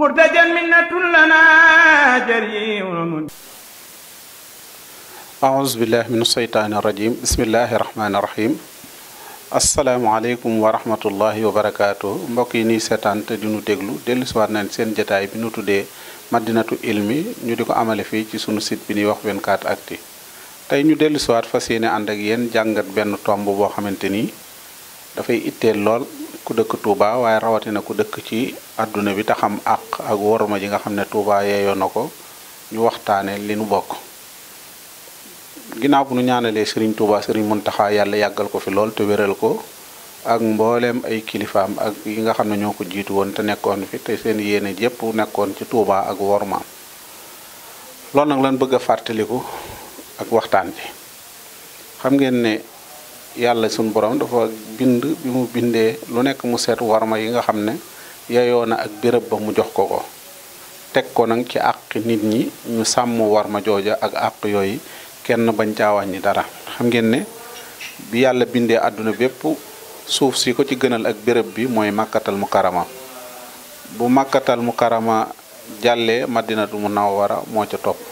مرتجا منة لنا جريء أعوذ بالله من الشيطان الرجيم بسم الله mbokk yi ñuy seetaan te di ñu déglu dellu siwaat nañ seen jataay bi ñu tuddee madinatu ilmi ñu di ko amale fii ci sunu site bi ñuy wax 24 actu tey ñu dellu siwaat fas yéene ànd ak yéen jàngat benn tomb boo xamante ni dafay itteel lool ku dëkk Touba waaye rawatina ku dëkk ci àdduna bi taxam àq ak worma ji nga xam ne Touba yeeyoo na ko ñu waxtaane li nu bokk ginaaw bu nu ñaanalee Serigne sëriñ mun taxaa yàlla yàggal ko fi lool te wéral ko ak mbooleem ay kilifaam ak yi nga xam ne ñoo ko jiitu woon te nekkoon fi te seen yéene jépp nekkoon ci Touba ak wormaam loolu nag lan bëgg a fàttaliku ak waxtaan bi xam ngeen ne yàlla suñu borom dafa bind bi mu bindee lu nekk mu seet warma yi nga xam ne yeyoo na ak béréb ba mu jox ko ko teg ko nag ci àq nit ñi ñu sàmm war warma jooja ak àq yooyu kenn bañ caa wàññi dara xam ngeen ne bi yàlla bindee àdduna bépp suuf si ko ci gënal ak béréb bi mooy màkkatal mu karama bu màkkatal mu karama jàllee madinatu mu nawwara moo ca topp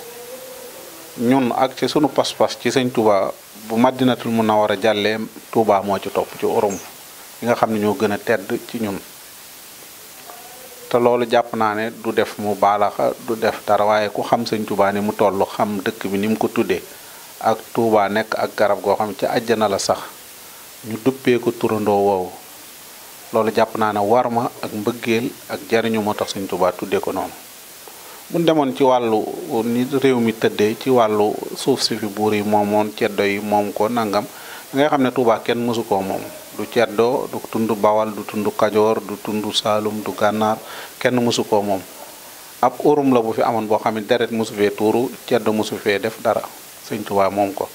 ñun ak ci sunu pas-pas ci sëñ Touba bu Madinatul a jàllee Touba moo ci topp ci orom yi nga xam ne ñoo gën a tedd ci ñun te loolu jàpp naa ne du def mu baalaxa du def dara waaye ku xam sëñ Touba ni mu toll xam dëkk bi ni ko tuddee ak Touba nekk ak garab goo xam ci àjjana la sax ñu duppeeku turandoo woowu loolu jàpp naa ne war ma ak mbëggeel ak jariñu moo tax sëñ Touba tuddee ko noonu buñ demoon ci wàllu ni réew mi tëddee ci wàllu suuf si buur yi moomoon ceddo yi moom ko nangam da ngay xam ne Touba kenn mësu koo moom du ceddoo du tund bawal du tund kajoor du tund saalum du gànnaar kenn mësu ko moom ab urum la bu fi amoon boo xam ne deret mësu fee tuuru ceddo mësu fee def dara sëñ Touba moom ko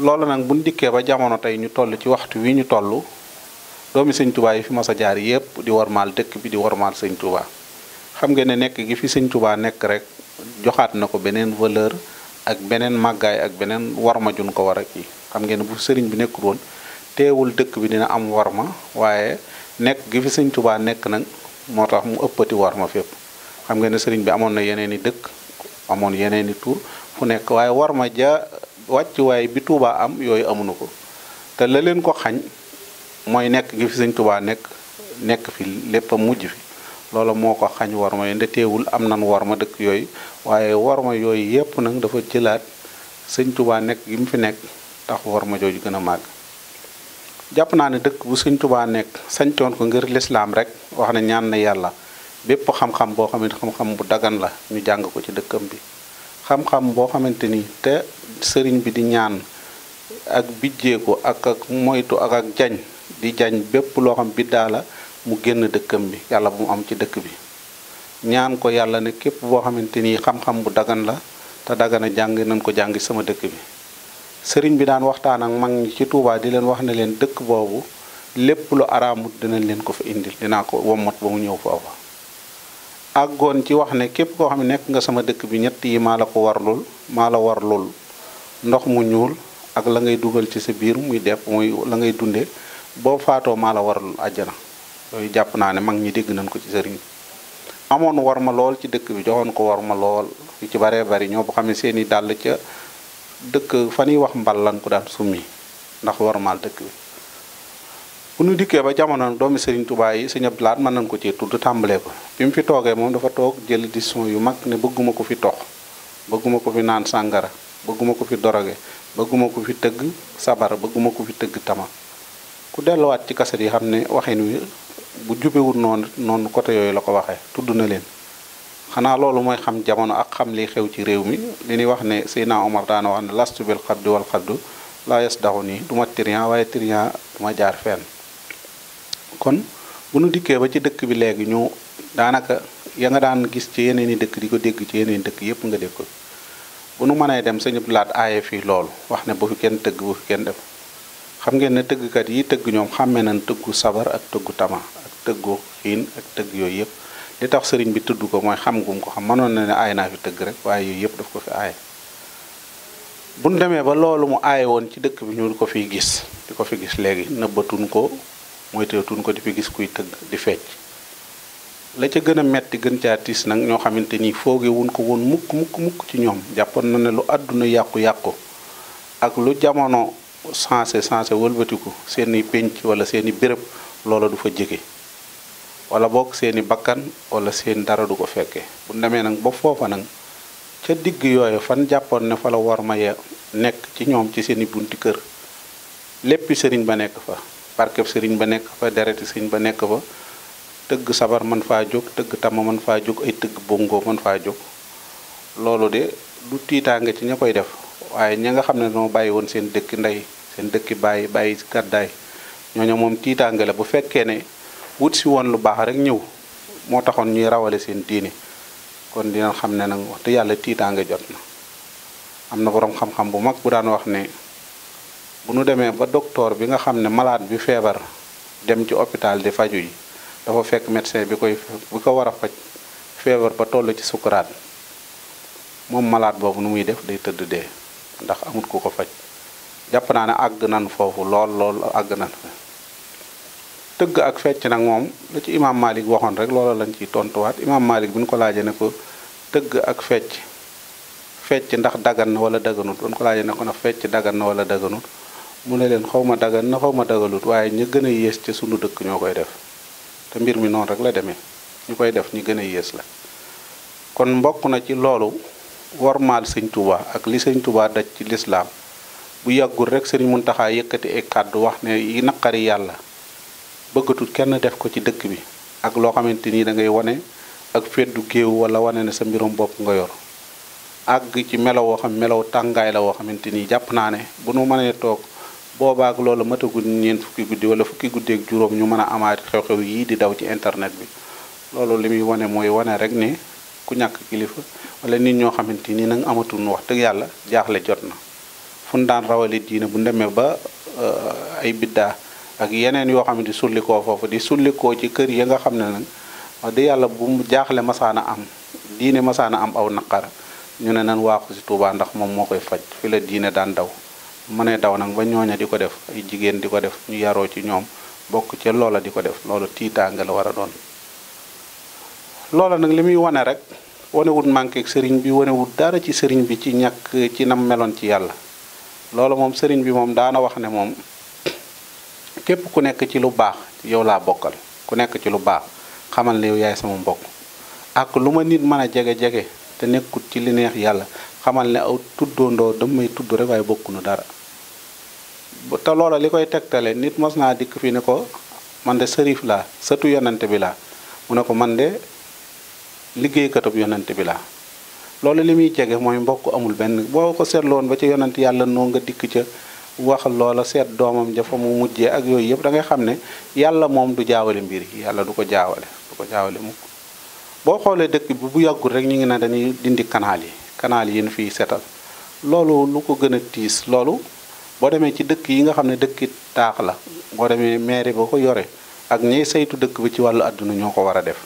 loolu nag bu dikkee ba jamono tey ñu toll ci waxtu wi ñu toll doomi sëñ Touba yi fi mas a jaar yépp di wormaal dëkk bi di wormaal sëñ xam nga ne nekk gi fi sëñ Touba nekk rek joxaat na ko beneen valeur ak beneen màggaay ak beneen ma jun ko war a kii xam ngeen ne bu sëriñ bi nekkul woon teewul dëkk bi dina am ma waaye nekk gi fi sëñ Touba nekk nag moo tax mu ëppati warma fépp xam nga ne sëriñ bi amoon na yeneen i dëkk amoon yeneen i tur fu nekk waaye warma ja wàccuwaay bi Touba am yooyu amunu ko te la leen ko xañ mooy nekk gi fi sëñ Touba nekk nekk fi lépp a mujj fi loola moo ko xañ warma yooyu ndeteewul am nan warma dëkk yooyu waaye warma yooyu yépp nag dafa jëlaat sëñ tubaa nekk gi mu fi nekk tax warma jooju gën a màgg jàpp naa ne dëkk bu sëñ tubaa nekk toon ko ngir lislaam rek wax na ñaan na yàlla bépp xam-xam boo xamante xam bu dagan la ñu jàng ko ci dëkkam bi xam boo xamante ni te sëriñ bi di ñaan ak bijjeeku ak ak moytu ak ak jañ di jañ bépp loo xam mu génn dëkkam bi yàlla bu mu am ci dëkk bi ñaan ko yàlla ne képp boo xamante ni xam-xam bu dagan la te dagana jàng nañ ko jàngi sama dëkk bi sëriñ bi daan waxtaan ak mag ñi ci Touba di leen wax ne leen dëkk boobu lépp lu araamut dinañ leen ko fa indil dinaa ko wommat ba mu ñëw foofa àggoon ci wax ne képp koo xam ne nekk nga sama dëkk bi ñett yi maa la ko warlul maa la warlul ndox mu ñuul ak la ngay dugal ci sa biir muy depp muy la ngay dunde boo faatoo maa la warlul àjjana yooyu jàpp naa ne mag ñi dégg nañ ko ci sëriñ amoon war ma lool ci dëkk bi joxoon ko war ma lool ci baree bari ñoo bu xamee seen i dàll ca dëkk fa ñuy wax mbal lan ko daan summi ndax warmaal dëkk bi bu nu dikkee ba jamono doomi sëriñ tubaay yi sëñ Abdulaat mën nañ ko ci tudd tàmbalee ko bi mu fi toogee moom dafa toog jël décision yu mag ne bëgguma ko fi tox bëgguma ko fi naan sàngara bëgguma ko fi doroge bëgguma ko fi tëgg sabar bëgguma ko fi tëgg tama bu jubewul noonu noonu côté yooyu la ko waxee tudd na leen xanaa loolu mooy xam jamono ak xam li xew ci réew mi li nuy wax ne Seydina Omar daana wax ne lastu bil xabdi wal xabdu laa yes daxu nii du ma trian waaye trian du jaar fenn kon bu nu dikkee ba ci dëkk bi léegi ñu daanaka ya nga daan gis ci yeneen i dëkk di ko dégg ci yeneen dëkk yépp nga dégg ko bu nu mënee dem sañu laat aaye fii loolu wax ne bu fi kenn tëgg bu fi kenn def xam ngeen ne tëggkat yi tëgg ñoom xàmme tëggu sabar ak tëggu tama tëggoo xiin ak tëgg yooyu yëpp li tax sëriñ bi tudd ko mooy xam gum ko xam manoon na ne aay naa fi tëgg rek waaye yooyu yëpp daf ko fi aaye buñ demee ba loolu mu aaye woon ci dëkk bi ñu ko fiy gis di ko fi gis léegi nëbbatuñ ko moyteetuñ ko di fi gis kuy tëgg di fecc la ca gën a metti gën caa tiis nag ñoo xamante ni fooge wuñ ko woon mukk mukk mukk ci ñoom jàppoon na ne lu àdduna yàqu-yàqu ak lu jamono sensé sensé wëlbatiku seeni pénc wala seeni béréb loola du fa jege wala bokk seeni bakkan wala seen dara du ko fekkee bu demee nag ba foofa nag ca digg yooyu fan jàppoon ne fa la war ma ya nekk ci ñoom ci seeni bunti kër léppi sëriñ ba nekk fa barkeb sëriñ ba nekk fa dereti sëriñ ba nekk fa tëgg sabar man faa jóg tëgg tama man faa jóg ay tëgg bongo man faa jóg loolu de du tiitaange ci ña koy def waaye ña nga xam ne noo bàyyi woon seen dëkki ndey seen dëkki bàyyi bàyyi gàddaay ñooñu moom tiitaange la bu fekkee ne wut si woon lu baax rek ñëw moo taxoon ñuy rawale seen diini kon dina xam ne nag wax yàlla tiitaange jot na am na boroom xam-xam bu mag bu daan wax ne bu nu demee ba docteur bi nga xam ne malaat bi feebar dem ci hôpital di faju yi dafa fekk médecin bi koy bi ko war a faj feebar ba toll ci sukuraat moom malaat boobu nu muy def day tëdd dee ndax amut ko ko faj jàpp naa ne àgg nan foofu lool lool àgg nan tëgg ak fecc nag moom la ci imaam Malik waxoon rek loola lañ ciy tontuwaat imaam Malik bi ñu ko laajee ne ko tëgg ak fecc fecc ndax dagan na wala daganut doon ko laajee ne ko ndax fecc dagan na wala daganut mu ne leen xaw ma dagan na xaw ma dagalut waaye ñi gën a yées ci sunu dëkk ñoo koy def te mbir mi noonu rek la demee ñu koy def ñi gën a yées la kon mbokk na ci loolu warmaal sëñ Touba ak li sëñ Touba daj ci lislaam bu yàggul rek sëriñ Muntaxa yëkkati ay kàddu wax ne yi naqari yàlla bëggatul kenn def ko ci dëkk bi ak loo xamante ni da ngay wane ak feddu géew wala wane na sa mbirum bopp nga yor àgg ci melaw woo xam melaw tàngaay la woo xamante ni jàpp naa ne bu nu mënee toog boobaak loolu matagul ñeent fukki guddi wala fukki guddeeg juróom ñu mën a amaat xew-xew yii di daw ci internet bi loolu li muy wane mooy wane rek ni ku ñàkk kilifa wala nit ñoo xamante ni nag amatuñu wax dëgg yàlla jaaxle jot na fu ñu daan rawale diine bu ndemee ba euh, ay biddaa ak yeneen yoo xam ne di sullikoo foofu di sullikoo ci kër ya nga xam ne nag wax dëgg yàlla bu mu jaaxle masaana am diine masaana am aw naqar ñu ne nan waaxu si Touba ndax moom moo koy faj fi la diine daan daw mu ne daw nag ba ñooña di ko def ay jigéen di ko def ñu yaroo ci ñoom bokk ci loola di ko def loolu tiitaanga la war a doon loola nag li muy wane rek wanewut manqué ak sëriñ bi wanewut dara ci sëriñ bi ci ñàkk ci nam meloon ci yàlla loola moom sëriñ bi moom daana wax ne moom képp ku nekk ci lu baax yow laa bokkal ku nekk ci lu baax xamal ne yow yaay sama mbokk ak lu ma nit mën a jege-jege te nekkut ci li neex yàlla xamal ne aw tuddoondoo damay tudd rek waaye bokkunu dara te loola li koy tegtale nit mos naa dikk fi ne ko man de sërif laa sëtu yonante bi laa mu ne ko man de liggéeykatub yonante bi laa loolu li muy jege mooy mbokk amul benn boo ko seetloon ba ca yonante yàlla noo nga dikk ca wax loola seet doomam jafa mu mujjee ak yooyu yëpp da ngay xam ne yàlla moom du jaawale mbir yàlla du ko jaawale du ko jaawale mukk boo xoolee dëkk bi bu yàggul rek ñu ngi ne dañuy dindi kanaal yi kanaal yi ñu fiy seetal loolu lu ko gën a tiis loolu boo demee ci dëkk yi nga xam ne dëkki taax la boo demee mairie ba ko yore ak ñiy saytu dëkk bi ci wàllu àdduna ñoo ko war a def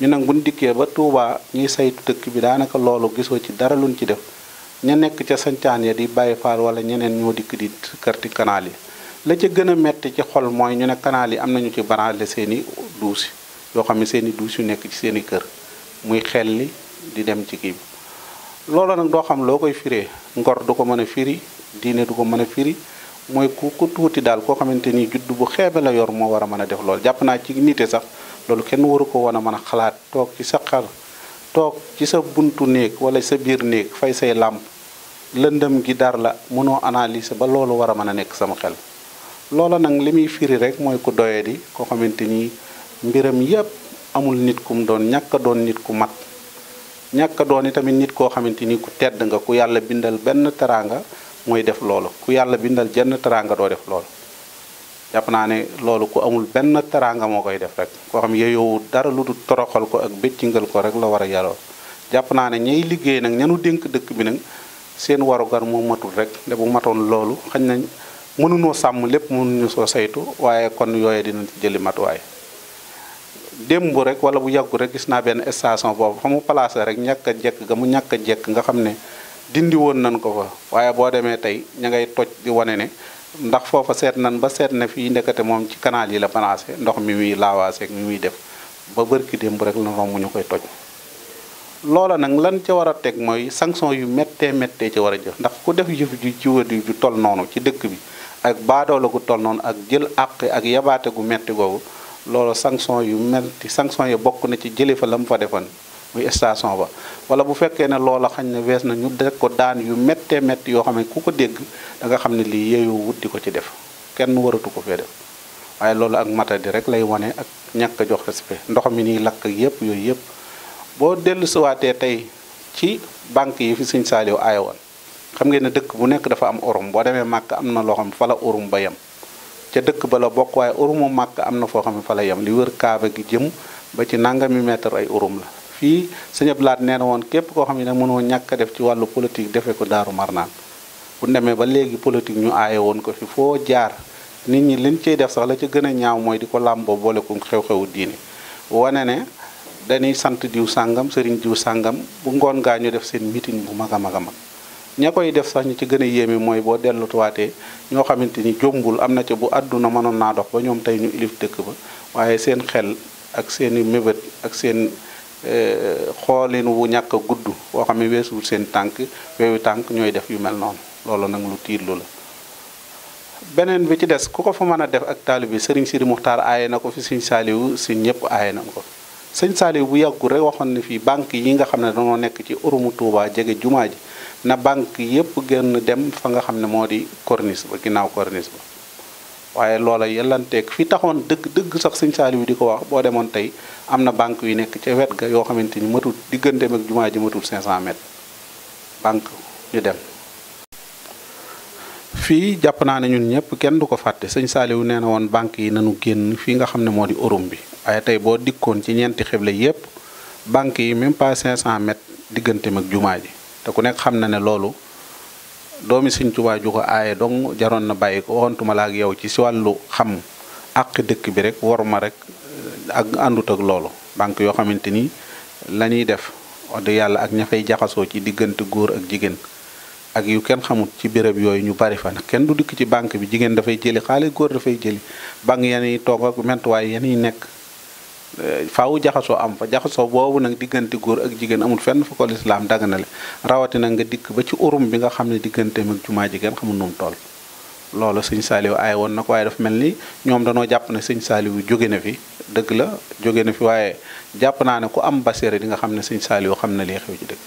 ñu nag buñ dikkee ba Touba ñiy saytu dëkk bi daanaka loolu gisoo ci dara luñ ci def ña nekk ca sancaan ya di bàyyi faal wala ñeneen ñoo dikk di kërti kanaal yi la ca gën a metti ci xol mooy ñu ne kanaal yi am nañu ci branle seeni duus yoo xam ne seeni duus yu nekk ci seeni kër muy xelli di dem ci kii bi loolu nag doo xam loo koy firee ngor du ko mën a firi diine du ko mën a firi mooy ku ku tuuti daal koo xamante ni judd bu xeebe la yor moo war a mën a def loolu jàpp naa ci nite sax loolu kenn waru ko woon a mën a xalaat toog ci sa xar toog ci sa buntu néeg wala sa biir néeg fay say làmp lëndëm gi dar la mënoo analyser ba loolu war a mën a nekk sama xel loola nag li muy firi rek mooy ku doye di ko xamante ni mbiram yépp amul nit ku mu doon ñàkk doon nit ku mat ñàkk a doon itamit nit koo xamante ni ku tedd nga ku yàlla bindal benn teraanga mooy def loolu ku yàlla bindal jenn teraanga doo def loolu jàpp naa ne loolu ku amul benn teraanga moo koy def rek koo xam yeyowu dara lu dul toroxal ko ak bëccingal ko rek la war a yàlloo jàpp naa ne nag ñanu dénk dëkk bi nag seen warugar mu matul rek te bu matoon loolu xañ nañ mënuñoo sàmm lépp mënuñu soo saytu waaye kon yooye dina jëli matuwaay démb rek wala bu yàggu rek gis naa benn station boobu fa mu placé rek ñàkk a jekk mu ñàkk a nga xam ne dindi woon nañ ko fa waaye boo demee tey ña ngay toj di wone ne ndax foofa seet nan ba seet na fii ndekete moom ci canal yi la placé ndox mi muy laawaase ak mi muy def ba bërki démb rek la romb ñu koy toj loola nag lan ca war a teg mooy sanction yu méttee méttee ci war a jëf ndax ku def jëf ju ci wër ju toll noonu ci dëkk bi ak baadoola gu tol noonu ak jël àq ak yabaate gu metti googu loolu sanction yu metti sanction yi bokk na ci jële fa la mu fa defoon muy station ba wala bu fekkee ne looloo xañ ne wees na ñu def ko daan yu méttee métti yoo xam ne ku ko dégg da nga xam ne lii yeeyoo wut di ko ci def kenn waratu ko fee def waaye loolu ak di rek lay wane ak ñàkk a jox respect ndox mi nii lakk yépp yooyu yépp boo dellu dellusiwaatee tey ci banque yi fi sëñ Saaliw aaye woon xam ngeen ne dëkk bu nekk dafa am orum boo demee màkk am na loo xam ne fa la orum ba yem ca dëkk ba la bokk waaye orumu màkk am na foo xam ne fa la li wër kaaba gi jëm ba ci nangami mètre ay orum la fii sëñ Abdu nee na woon képp koo xam ne mënoo ñàkk a def ci wàllu politique defee ko daaru marnaan bu demee ba léegi politique ñu aaye woon ko fi foo jaar nit ñi liñ cey def sax la ca gën a ñaaw mooy di ko làmboo boole xew-xewu diini dañuy sant diw sàngam sëriñ diw sàngam bu ngoon ngaa ñu def seen meeting bu mag a mag a mag ña koy def sax ñu ci gën a yéeme mooy boo dellutuwaatee ñoo xamante ni jombul am na ca bu àdduna mënoon naa dox ba ñoom tey ñu ilif dëkk ba waaye seen xel ak seen i mébét ak seen eh, xoolin wu ñàkk a gudd boo xam ne weesuwul seen tànk weewu tànk ñooy def yu mel noonu loolu nag lu tiitlu la beneen bi ci des ku ko fa mën a def ak taalibe bi sëriñ Sidi Muxtaar aaye na ko fi sëriñ si ñëpp aaye na sëñ Saliou bu yàggul rek waxoon ne fii banque yi nga xam ne dañoo nekk ci urumu Touba jege jumaa ji na banque yépp gën dem fa nga xam ne moo di corniche ba ginnaaw corniche ba waaye loola yellanteeg fi taxoon dëgg dëgg sax sëñ Saliou di ko wax boo demoon tey am na banque yu nekk ca wet ga yoo xamante ni matul digganteem ak jumaa ji matul 500 mètres banque ñu dem fii jàpp naa ne ñun ñëpp kenn du ko fàtte sëñ Saliou nee na woon banque yi nanu génn fii nga xam ne moo di urum bi waaye tey boo dikkoon ci ñeenti xibla yépp banque yi même pas 500 mètres digganteem ak jumaa ji te ku nekk xam na ne loolu doomi Sëñ Tuubaa ju ko aaye dong jaroon na bàyyi ko waxantuma la ak yow ci si wàllu xam àq dëkk bi rek war rek eh, ak àndut ak loolu banque yoo xamante ni la ñuy def wax dëgg yàlla ak ña fay jaxasoo ci diggante góor ak jigéen ak yu kenn xamut ci béréb yooyu ñu bari fa kenn du dikk ci banque bi jigéen dafay jëli xaalis góor dafay jëli banque yan yi toog ak mentuwaay yan yi nekk faaw jaxasoo am fa jaxasoo boobu nag diggante góor ak jigéen amul fenn fa ko lislaam daganale rawatina nga dikk ba ci urum bi nga xam ne digganteem ak jumaa jigéen xamul nu mu toll. loolu sëñ Saaliw aay woon na ko waaye dafa mel ni ñoom danoo jàpp ne sëñ Saaliw jóge na fi dëgg la jóge na fi waaye jàpp naa ne ku am baseere di nga xam ne sëñ Saaliw xam na li xew ci dëkk.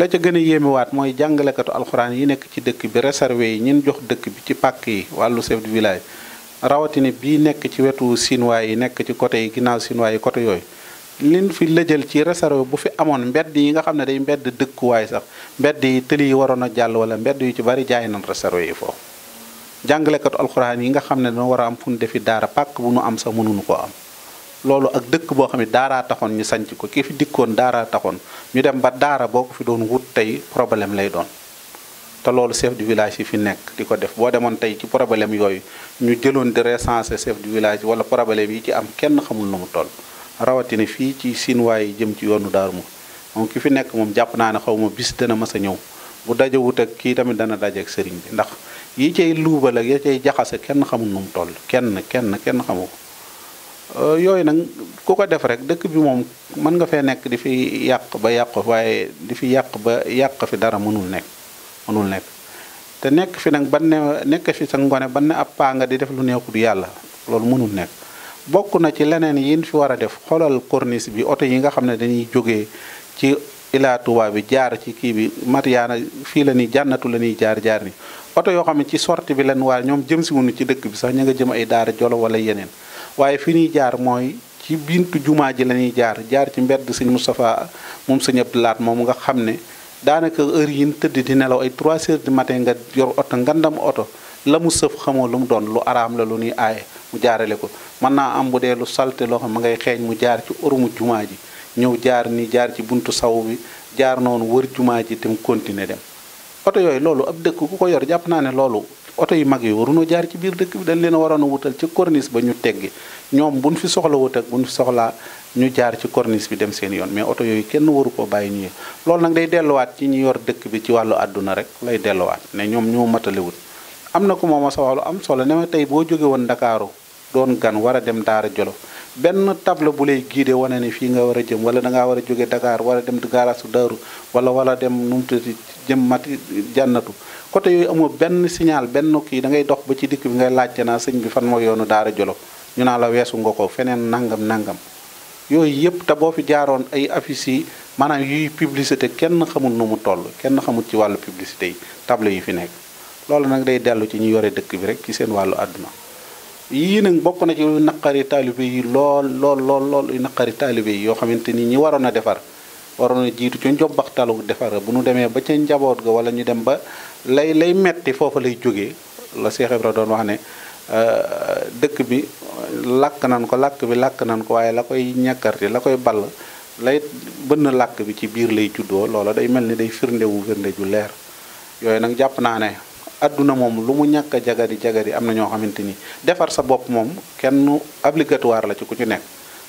la ca gën a yéemewaat mooy jàngalekatu alxuraan yi nekk ci dëkk bi reserve yi ñin jox dëkk bi ci pàkk yi wàllu chef de rawatina bii nekk ci wetu chinois yi nekk ci côté yi ginnaaw chinois yi côté yooyu liñ fi lëjal ci réserve bu fi amoon mbedd yi nga xam ne day mbedd dëkkuwaay sax mbedd yi tëli yi waroon a jàll wala mbedd yu ci bari jaay nañ réserve yi foofu jàngalekatu alxuraan yi nga xam ne dana war a am fu ñu defi daara pàkk bu nu am sax mënuñu ko am loolu ak dëkk boo xam ne daaraa taxoon ñu sanc ko ki fi dikkoon daara taxoon ñu dem ba daara boo ko fi doon wut tey problème lay doon te loolu chef du village yi fi nekk di ko def boo demoon tey ci problème yooyu ñu jëloon di recenser chef du village wala problème yi ci am kenn xamul nu mu toll rawatina fii ci sinuwaay yi jëm ci yoonu daal ma moom ki fi nekk moom jàpp naa ne xaw ma bis dana mas a ñëw bu dajewut ak kii tamit dana dajeek sëriñ bi ndax yi cay luubal ak ya jaxase kenn xamul mu toll kenn kenn kenn xamu ko euh, yooyu nag ku ko def rek dëkk bi moom mën nga fee nekk di fi yàq ba yàq waaye di fi yàq ba yàq fi dara mënul nekk mënul nekk te nekk fi nag ba ne nekk fi sa ngone ban ne ab paa di def lu neexul yàlla loolu mënul nekk bokk na ci leneen yin fi war a def xolal corniche bi oto yi nga xam ne dañuy jógee ci Ila Touba bi jaar ci kii bi Matiyaana fii la ni jànnatu la ñuy jaar jaar ni oto yoo xam ne ci sortie bi leen waar ñoom jëm si wuñu ci dëkk bi sax ñu nga jëm ay daara jolo wala yeneen waaye fi ñuy jaar mooy ci bintu jumaa ji la ñuy jaar jaar ci mbedd sëñ Moustapha moom sëñ laat moom nga xam ne daanaka heure yin tëdd di nelaw ay 3 heures du matin nga yor oto ngandam oto la mu sëf xamoo lu mu doon lu araam la lu ñuy aaye mu jaarale ko mën naa am bu dee lu salte loo ma ngay xeeñ mu jaar ci orumu jumaa ji ñëw jaar ni jaar ci buntu saw bi jaar noonu wër jumaa ji te mu continuer dem oto yooyu loolu ab dëkk ku ko yor jàpp naa ne loolu oto yu mag yi waruñoo jaar ci biir dëkk bi dañ leen waroon a wutal ci corniche ba ñu teggi ñoom buñ fi soxla wut ak bu buñ fi soxlaa ñu jaar ci corniche bi dem seen yoon mais oto yooyu kenn waru ko bàyyi ñu loolu nag day delluwaat ci ñu yor dëkk bi ci wàllu àdduna rek lay delluwaat ne ñoom ñoo matalewut am na ku moom ma sa lu am solo ne ma tey boo jóge woon Ndakaaru doon gan war a dem Daara jolo benn table bu lay guidé wane ne fii nga war a jëm wala da ngaa war a jóge Dakar war a dem gaarasu Daaru wala wala dem nu mu tudd jëm mati jànnatu côté yooyu amoo benn signal benn kii da ngay dox ba ci dikk bi ngay laajte naa sëñ bi fan moo yoonu Daara jolo ñu naa la weesu nga ko feneen nangam nangam yooyu yëpp te boo fi jaaroon ay affiches yi maanaam yuy publicité kenn xamul nu mu toll kenn xamul ci wàllu publicité yi table yi fi nekk loolu nag day dellu ci ñu yore dëkk bi rek ci seen wàllu àdduna yii nag bokk na ci lu naqari taalibe yi lool lool lool lool naqari taalibe yi yoo xamante ni ñi waroon a defar waroon a jiitu ci njobbaxtalu defar bu ñu demee ba ca njaboot ga wala ñu dem ba lay lay metti foofa lay jóge la Cheikh doon wax ne euh, dëkk bi làkk nan ko làkk bi làkk nan ko waaye la koy ñàkkarti la koy ball lay bënn làkk bi ci biir lay juddoo loola day mel ni day firnde wu firnde ju leer yooyu nag jàpp naa ne adduna moom lu mu ñàkk a jagadi jagadi am na ñoo xamante ni defar sa bopp moom kenn obligatoire la ci ku ci nekk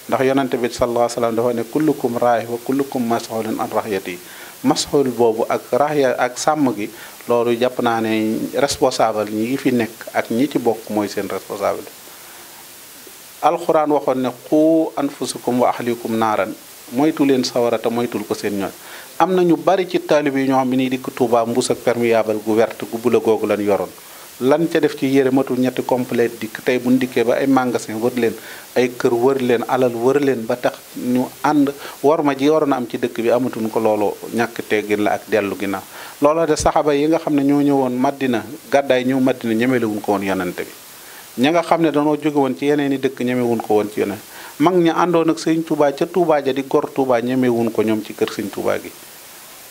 ndax yonante bi sallallahu alayhi wa ne kullukum raay wa kullukum mas'ulun boobu ak raxya ak sàmm gi loolu jàpp naa ne responsable ñi fi nekk ak ñi ci bokk mooy seen responsable alxuraan waxoon ne xu anfusukum wa ahlikum naaran moytu leen sawara te moytul ko seen ñoom am na ñu bari ci taalibe yi ñoo xam ne nii dikk Touba mbuus ak perméable gu werte gu bula googu lan yoroon lan ca def ci yére matul ñetti complet dikk tey bu ñu dikkee ba ay magasin wër leen ay kër war leen alal war leen ba tax ñu ànd war ma ji waroon a am ci dëkk bi amatuñ ko loolu ñàkk teggin la ak dellu ginnaaw loola de saxaba yi nga xam ne ñoo ñëwoon Madina gàddaay ñëw Madina ñemewuñ ko woon yonante bi ña nga xam ne danoo jóge woon ci yeneen i dëkk ñemewuñ ko woon ci yonent mag ña àndoon ak sëñ Touba ca Touba ja di gor Touba ñemewuñ ko ñoom ci kër sëñ Touba gi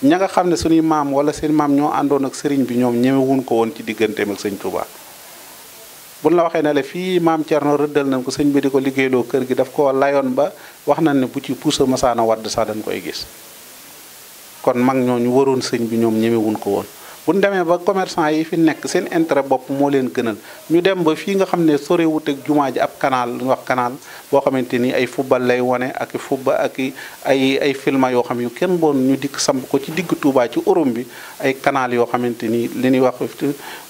ña nga xam ne suñuy maam wala seen maam ñoo àndoon ak sëriñ bi ñoom ñemewuñ ko woon ci digganteem ak sëñ Touba buñ la waxee ne la fii maam Thierno rëddal nañ ko sëñ bi di ko liggéeyloo kër gi daf ko layoon ba wax nañ ne bu ci puusa masaana wadd sax dañ koy gis kon mag ñooñu waroon sëñ bi ñoom ñemewuñ ko woon bu ñu demee ba commerçant yi fi nekk seen intérêt bopp moo leen gënal ñu dem ba fii nga xam ne sorewut ak jumaa ji ab canal lu wax canal boo xamante ni ay fubal lay wane ak fubba ak ay ay filma yoo xam yu kenn bon ñu dikk samp ko ci digg Touba ci orom bi ay canal yoo xamante ni li ñuy wax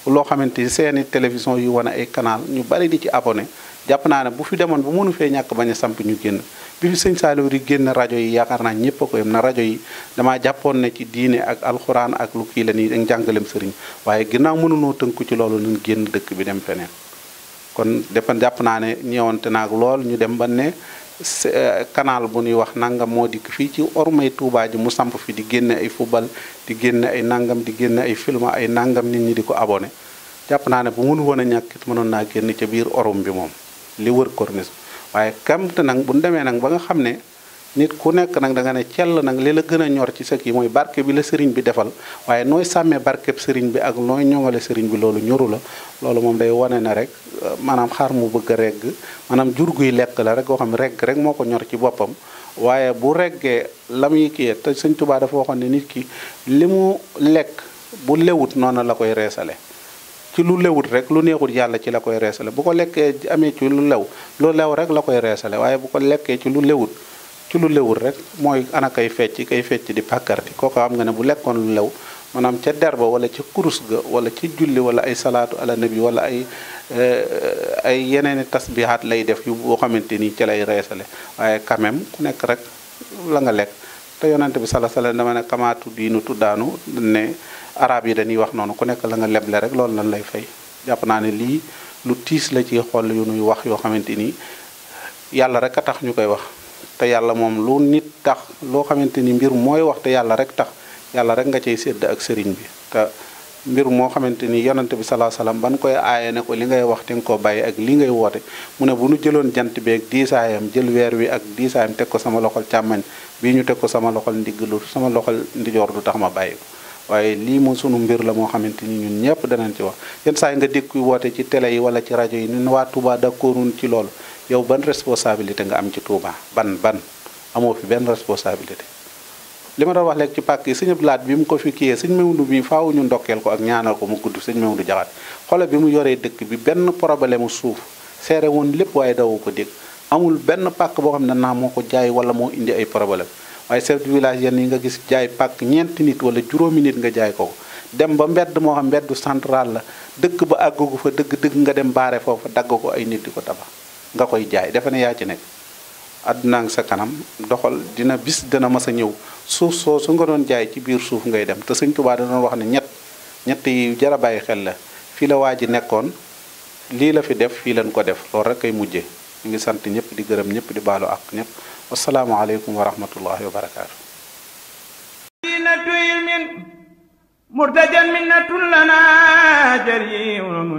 loo xamante ni seeni télévision yu wane ay canal ñu bari di ci abonné jàpp naa ne bu fi demoon bu mënu fee ñàkk bañ a samp ñu génn bi fi sëñ Saliou di génn rajo yi yaakaar naa ñëpp a ko yem na rajo yi damaa jàppoon ne ci diine ak alxuraan ak lu kii la da ak njàngaleem sëriñ waaye ginnaaw mënuloo tënku ci loolu nun génn dëkk bi dem feneen kon depan jàpp naa ne ñëwante naag lool ñu dem ba ne eh, canal bu nuy wax nangam moo dikk fii ci ormay Touba ji mu samp fi di génne ay football di génne ay nangam di génne ay film ay nangam nit ñi di ko abonné jàpp naa ne bu mënu woon a ñàkkit mënoon naa génn ca biir orum bi moom li wër corniche waaye kamt nag bu ñu demee nag ba nga xam ne nit ku nekk nag danga nga ne cell nag li la gën a ñor ci sa kii mooy barke bi la sëriñ bi defal waaye nooy sàmmee barkeb sëriñ bi ak nooy ñoŋale sëriñ bi loolu ñoru la loolu moom day wane na rek euh, maanaam xar mu bëgg a regg maanaam jur guy lekk la rek koo xam regg rek moo ko ñor ci boppam waaye bu reggee la muy kii te sëñ Tuubaa dafa waxoon ne nit ki li mu lekk bu lewut noonu la koy reesale ci lu lewut rek lu neexul yàlla ci la koy reesale bu ko lekkee amee ci lu lew lu lew rek la koy reesale waaye bu ko lekkee ci lu lewut ci lu lewut rek mooy ana kay fecc kay fecc di pàkkar di kooku xam nga ne bu lekkoon lu lew maanaam ca derba wala ca kurus ga wala ci julli wala ay salaatu ala nabi wala ay eh, ay yeneeni tasbihaat lay def yu boo xamante ni ca lay reesale waaye quand ku nekk rek la nga lekk te yonante bi sala sala dama ne xamaatu diinu tuddaanu ne araab yi dañuy wax noonu ku nekk la nga leble rek loolu lan lay fay jàpp naa ne lii lu tiis la ci xol yu nuy wax yoo xamante ni yàlla rek a tax ñu koy wax te yàlla moom lu nit tax loo xamante ni mbir mooy wax te yàlla rek tax yàlla rek nga cay sédd ak sëriñ bi te mbir moo xamante ni yonante bi salaa salaam ban koy aaye ne ko li ngay wax te nga ko bàyyi ak li ngay woote mu ne bu nu jëloon jant bi ak diisaayam jël weer wi ak diisaayam teg ko sama loxol càmmañ bii ñu teg ko sama loxol ndigg lu sama loxol ndijoor du tax ma bàyyi ko waaye lii moom sunu mbir la moo xamante ni ñun ñëpp danañ ci wax yenn saa yi nga dégg woote ci télé yi wala ci rajo yi ñun waa Touba d'accorduñ ci loolu yow ban responsabilité nga am ci Touba ban ban amoo fi benn responsabilité. li ma doon wax léegi ci pàkk yi sëñ laat bi mu ko fi kiyee sëñ Maodo bi faaw ñu ndokkeel ko ak ñaanal ko mu gudd sëñ Maodo jaxat xoolal bi mu yoree dëkk bi benn problème mu suuf seere woon lépp waaye daw ko dégg amul benn pàkk boo xam ne naa moo ko jaay wala moo indi ay problème waaye chef du yenn yi nga gis jaay pàkk ñeenti nit wala juróomi nit nga jaay ko dem ba mbedd moo xam mbeddu central la dëkk ba gu fa dëgg dëgg nga dem baare foofa dagg ko ay nit di ko tabax nga koy jaay dafa ne yaa ci nekk àdduna sa kanam doxal dina bis dana mas a ñëw suuf soo su nga doon jaay ci biir suuf ngay dem te sëñ Tuubaa da doon wax ne ñett ñett yi jara bàyyi xel la fii la waa ji nekkoon lii la fi def fii lañ ko def loolu rek kay mujjee ñu ngi sant ñëpp di gërëm ñëpp di baalu ak ñëpp wasalaamualeykum wa rahmatullahi wa